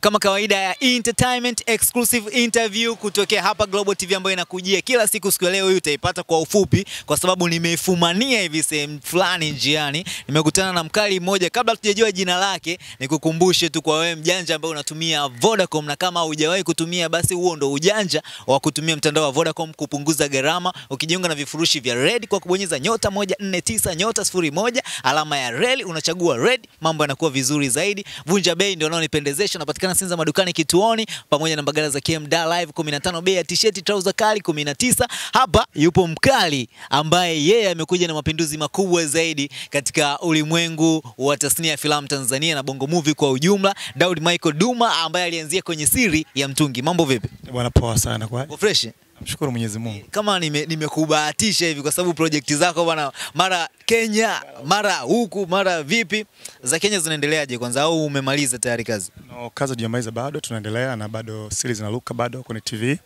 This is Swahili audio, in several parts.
Kama kawaida ya entertainment exclusive interview kutokea hapa Global TV ambayo inakujia kila siku. Siku ya leo hii utaipata kwa ufupi, kwa sababu nimeifumania hivi sehemu fulani njiani. Nimekutana na mkali mmoja, kabla tujajua jina lake, nikukumbushe tu kwa wewe mjanja ambaye unatumia Vodacom, na kama hujawahi kutumia, basi huo ndo ujanja wa kutumia mtandao wa Vodacom kupunguza gharama, ukijiunga na vifurushi vya red kwa kubonyeza nyota 149 nyota 01 alama ya red, unachagua red, mambo yanakuwa vizuri zaidi. Vunja bei ndio unaonipendezesha na Patikana Sinza madukani kituoni, pamoja na Mbagala za kmd Live 15 bei ya t-shirt trouser kali 19. Hapa yupo mkali ambaye yeye yeah, amekuja na mapinduzi makubwa zaidi katika ulimwengu wa tasnia ya filamu Tanzania na Bongo Movie kwa ujumla, Daud Michael Duma ambaye alianzia kwenye siri ya mtungi. Mambo vipi? Bwana poa sana kwa. Fresh. Mshukuru Mwenyezi Mungu. Eh, kama nimekubahatisha nime hivi kwa sababu projekti zako bwana, mara Kenya, mara huku, mara vipi za Kenya zinaendeleaje kwanza, au umemaliza tayari kazi? No, kazi hatujamaliza bado, tunaendelea na bado series luka bado kwenye TV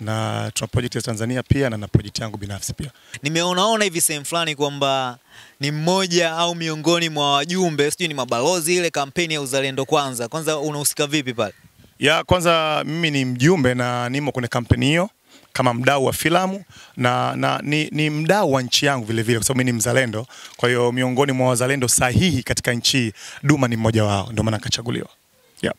na tuna project ya Tanzania pia na na project yangu binafsi pia. Nimeonaona hivi sehemu fulani kwamba ni mmoja au miongoni mwa wajumbe, sijui ni mabalozi ile kampeni ya Uzalendo Kwanza. Kwanza unahusika vipi pale? Ya kwanza, mimi ni mjumbe na nimo kwenye kampeni hiyo kama mdau wa filamu na, na ni, ni mdau wa nchi yangu vile vile, kwa sababu mimi ni mzalendo. Kwa hiyo miongoni mwa wazalendo sahihi katika nchi, Duma ni mmoja wao, ndio maana akachaguliwa. Yeah.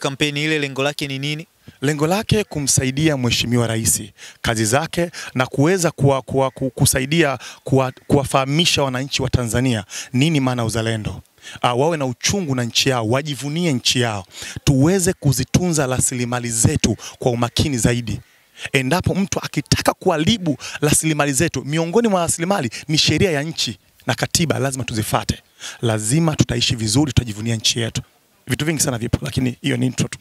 kampeni ile lengo lake ni nini? Lengo lake kumsaidia Mheshimiwa Rais kazi zake na kuweza kuwa, kuwa, kusaidia kuwafahamisha kuwa wananchi wa Tanzania nini maana uzalendo uh, wawe na uchungu na nchi yao, wajivunie nchi yao, tuweze kuzitunza rasilimali zetu kwa umakini zaidi endapo mtu akitaka kuharibu rasilimali zetu, miongoni mwa rasilimali ni sheria ya nchi na katiba, lazima tuzifate, lazima tutaishi vizuri, tutajivunia nchi yetu. Vitu vingi sana vipo, lakini hiyo ni intro tu.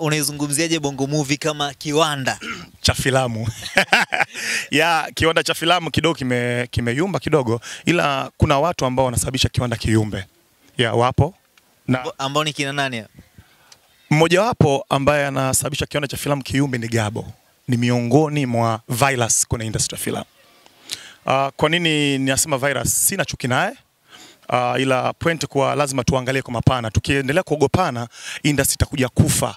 Unaizungumziaje Bongo Movie kama kiwanda cha filamu? ya kiwanda cha filamu kidogo kime, kimeyumba kidogo, ila kuna watu ambao wanasababisha kiwanda kiumbe. Ya wapo na ambao ni kina nani? Mmojawapo ambaye anasababisha kiwanda cha filamu kiumbe ni Gabo ni miongoni mwa virus kwenye industry ya filamu. Uh, kwa nini ninasema virus? Sina chuki naye uh, ila point kwa lazima tuangalie kwa mapana. Tukiendelea kuogopana, industry itakuja kufa.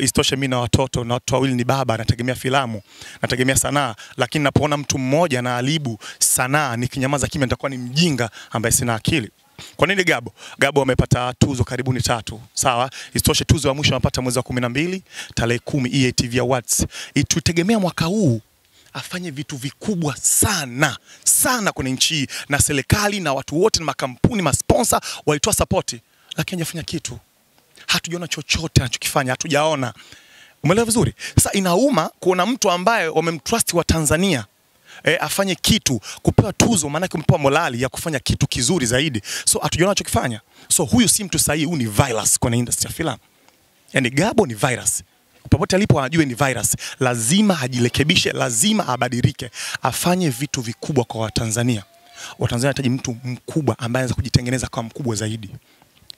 Isitoshe mimi na watoto na watu wawili ni baba, nategemea filamu, nategemea sanaa, lakini napoona mtu mmoja na alibu sanaa, nikinyamaza kimya nitakuwa ni mjinga ambaye sina akili. Kwa nini Gabo? Gabo amepata tuzo karibuni tatu, sawa. Isitoshe, tuzo ya mwisho amepata mwezi wa kumi na mbili tarehe kumi EATV Awards. itutegemea mwaka huu afanye vitu vikubwa sana sana kwenye nchi hii, na serikali na watu wote na makampuni masponsa walitoa sapoti, lakini hajafanya kitu. Hatujaona chochote anachokifanya, hatujaona. Umeelewa vizuri? Sasa inauma kuona mtu ambaye wamemtrust wa Tanzania eh, afanye kitu, kupewa tuzo, maanake umepewa morali ya kufanya kitu kizuri zaidi. So atujiona anachokifanya. So huyu si mtu sahihi, huyu ni virus kwenye industry ya filamu. Yani Gabo ni virus popote alipo ajue ni virus, lazima ajirekebishe, lazima abadilike, afanye vitu vikubwa kwa Watanzania. Watanzania wanahitaji mtu mkubwa ambaye anaweza kujitengeneza kwa mkubwa zaidi.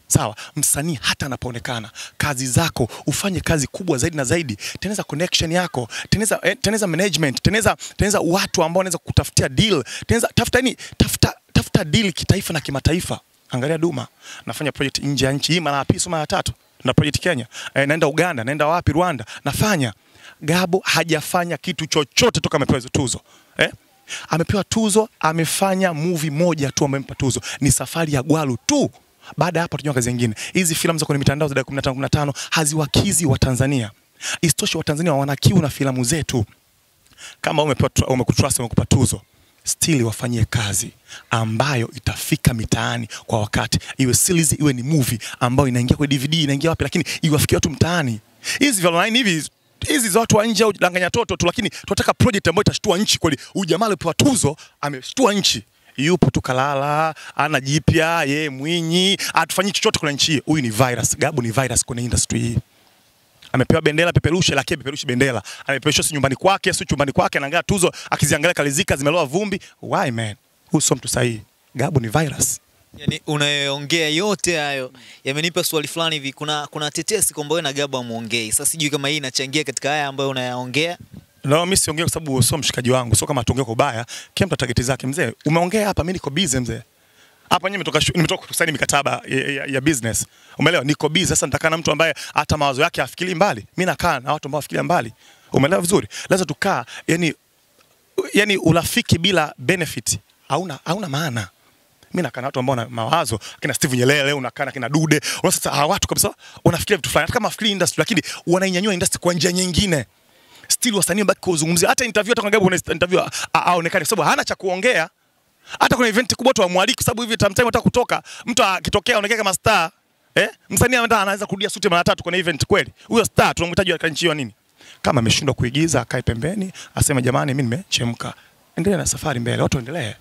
Sawa, msanii hata anapoonekana, kazi zako ufanye kazi kubwa zaidi na zaidi, teneza connection yako, teneza, eh, teneza management, teneza, teneza watu ambao wanaweza kutafutia deal, teneza, tafuta yani, tafuta, tafuta deal kitaifa na kimataifa. Angalia Duma, nafanya project nje ya nchi hii mara ya pili, mara ya tatu, na project Kenya, eh, naenda Uganda, naenda wapi, Rwanda, nafanya. Gabo hajafanya kitu chochote toka amepewa hizo tuzo eh? Amepewa tuzo, amefanya movie moja tu ambayo tuzo, ni safari ya Gwalu tu. Baada ya hapo tunyoka zingine. Hizi filamu za kwenye mitandao za dakika 15 15 haziwakizi wa Tanzania. Isitoshe wa Tanzania wana kiu na filamu zetu. Kama umepewa umekutrust umekupa tuzo, still wafanyie kazi ambayo itafika mitaani kwa wakati, iwe series iwe ni movie ambayo inaingia kwa DVD inaingia wapi, lakini iwafikie watu mtaani. Hizi vya online hivi hizi za watu wa nje au danganya toto tu, lakini tunataka project ambayo itashtua nchi kweli. Huyu jamaa alipewa tuzo ameshtua nchi yupo tu kalala, ana jipya ye Mwinyi, atufanyi chochote kwa nchi Huyu ni virus, Gabu ni virus kwenye industry hii amepewa bendera peperushe, lakini peperushe bendera, amepeperusha si nyumbani kwake, si chumbani kwake, anaangalia tuzo, akiziangalia kalizika, zimeloa vumbi. Why man, huyu sio mtu sahihi. Gabu ni virus. Yani unayoongea yote hayo yamenipa swali fulani hivi. Kuna kuna tetesi kwamba wewe na Gabu amuongei. Sasa sijui kama hii inachangia katika haya ambayo unayaongea na mimi siongee kwa sababu sio mshikaji wangu, sio kama tuongee kwa ubaya. Kila mtu atageti zake. Mzee, umeongea hapa, mimi niko busy mzee. Hapa nyinyi nimetoka nimetoka kusaini mikataba ya, ya, ya business. Umeelewa? Niko busy sasa, nitakaa na mtu ambaye hata mawazo yake afikiri mbali. Mimi nakaa na watu ambao afikiria mbali. Umeelewa vizuri? Lazima tukaa, yani yani urafiki bila benefit hauna hauna maana. Mimi nakaa na watu ambao na mawazo, kina Steve Nyelele, unakaa na kina Dude. Unaona sasa hawa watu kabisa wanafikiria vitu fulani, hata kama wafikiri industry lakini wanainyanyua industry kwa njia nyingine still wasanii wabaki kuzungumzia. Hata interview, hata interview aonekane, kwa sababu hana cha kuongea. Hata kuna event kubwa tu amwaliki, sababu hivi tamtime hata kutoka mtu akitokea aonekane kama star eh, msanii anaweza kurudia suti mara tatu kwenye event kweli, huyo star tunamhitaji nchi nini? Kama ameshindwa kuigiza, akae pembeni, aseme jamani, mimi nimechemka, endelea na safari mbele, watu endelee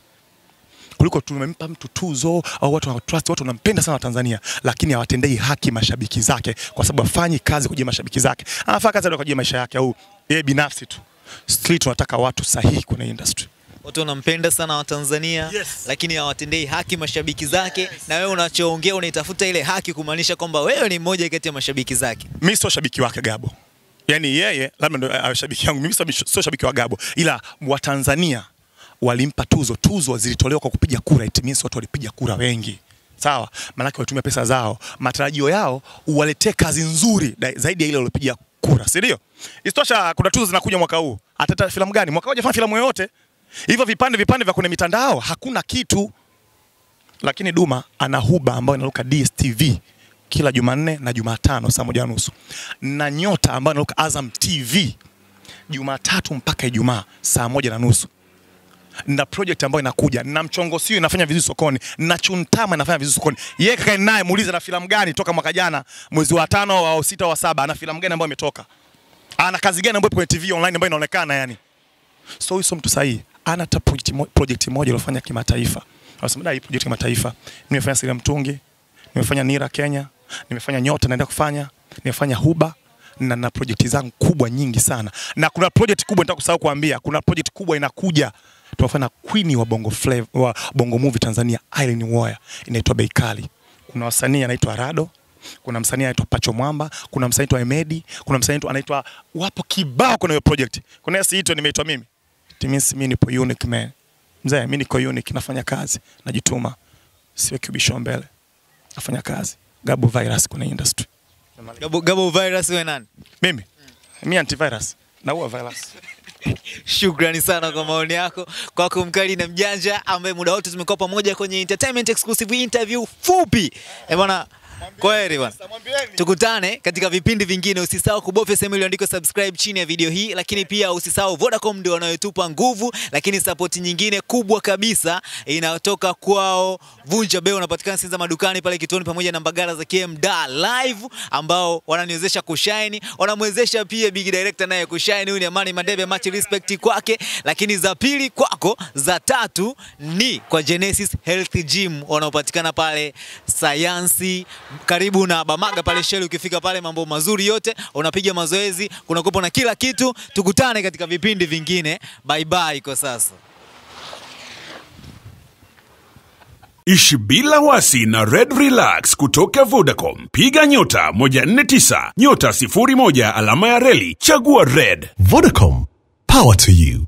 kuliko tumempa mtu tuzo au watu wana trust, watu wanampenda sana Tanzania, lakini hawatendei haki mashabiki zake, kwa sababu afanyi kazi kujia mashabiki zake, anafanya kazi kujia maisha yake au yeye binafsi tu. Street tunataka watu sahihi kwenye industry watu wanampenda sana wa Tanzania yes. lakini hawatendei haki mashabiki zake yes. na wewe unachoongea unaitafuta ile haki kumaanisha kwamba wewe ni mmoja kati ya mashabiki zake. Mimi sio shabiki wake Gabo, yaani yeye labda ndio uh, shabiki yangu, mimi sio shabiki wa Gabo, ila Watanzania walimpa tuzo. Tuzo zilitolewa kwa kupiga kura, it means watu walipiga kura wengi sawa, maanake walitumia pesa zao, matarajio yao uwaletee kazi nzuri zaidi ya ile waliopiga kura, si ndio? Isitosha, kuna tuzo zinakuja mwaka huu. Atata filamu gani mwaka huu? Hajafanya filamu yoyote, hivyo vipande vipande vya kwenye mitandao hakuna kitu. Lakini Duma ana huba ambayo inaruka DSTV kila Jumanne na Jumatano saa moja nusu na Nyota ambayo inaruka Azam TV Jumatatu mpaka Ijumaa saa moja na nusu na project ambayo inakuja na mchongo sio inafanya vizuri sokoni na chuntama inafanya vizuri sokoni. Yeye kae naye muulize na filamu gani toka mwaka jana mwezi wa tano au sita au saba, ana filamu gani ambayo imetoka, ana kazi gani ambayo kwenye TV online ambayo inaonekana yani. So hiyo sio mtu sahihi, ana hata project, mo, project moja iliyofanya kimataifa. Anasema dai project kimataifa, nimefanya Siri Mtungi, nimefanya Nira Kenya, nimefanya Nyota naenda kufanya, nimefanya Huba na na project zangu kubwa nyingi sana, na kuna project kubwa nitakusahau kuambia, kuna project kubwa inakuja tunafanya queen wa bongo flavor, wa bongo movie Tanzania, Island Warrior inaitwa Beikali. Kuna wasanii anaitwa Rado, kuna msanii anaitwa Pacho Mwamba, kuna msanii anaitwa Emedi, kuna msanii anaitwa wapo kibao. Kuna hiyo project, kuna yasi siito nimeitwa mimi, it means mimi nipo unique man. Mzee, mimi niko unique, nafanya kazi, najituma, Siwe kibisho mbele, nafanya kazi. Gabo virus kuna industry. Gabo, Gabo virus wewe nani? Mimi. Mm. Mimi antivirus. Naua virus. Shukrani sana kwa maoni yako, kwako mkali na mjanja, ambaye muda wote tumekuwa pamoja kwenye entertainment exclusive interview fupi. Eh bwana kwa heri bwana, tukutane katika vipindi vingine. Usisahau kubofya sehemu iliyoandikwa subscribe chini ya video hii, lakini pia usisahau Vodacom ndio wanayotupa nguvu, lakini sapoti nyingine kubwa kabisa inatoka kwao. Vunja Bei unapatikana Sinza madukani pale kituoni, pamoja na Mbagala za KM Da Live ambao wananiwezesha kushine, wanamwezesha pia Big Director naye kushine. Huyu ni Amani Madebe, much respect kwake, lakini za pili kwako, za tatu ni kwa Genesis Health Gym wanaopatikana pale sayansi karibu na Bamaga pale Sheli. Ukifika pale mambo mazuri yote, unapiga mazoezi, kuna kupo na kila kitu. Tukutane katika vipindi vingine, bye bye kwa sasa. Ishi bila wasi na Red Relax kutoka Vodacom. Piga nyota 149 nyota 01 alama ya reli, chagua Red. Vodacom, power to you.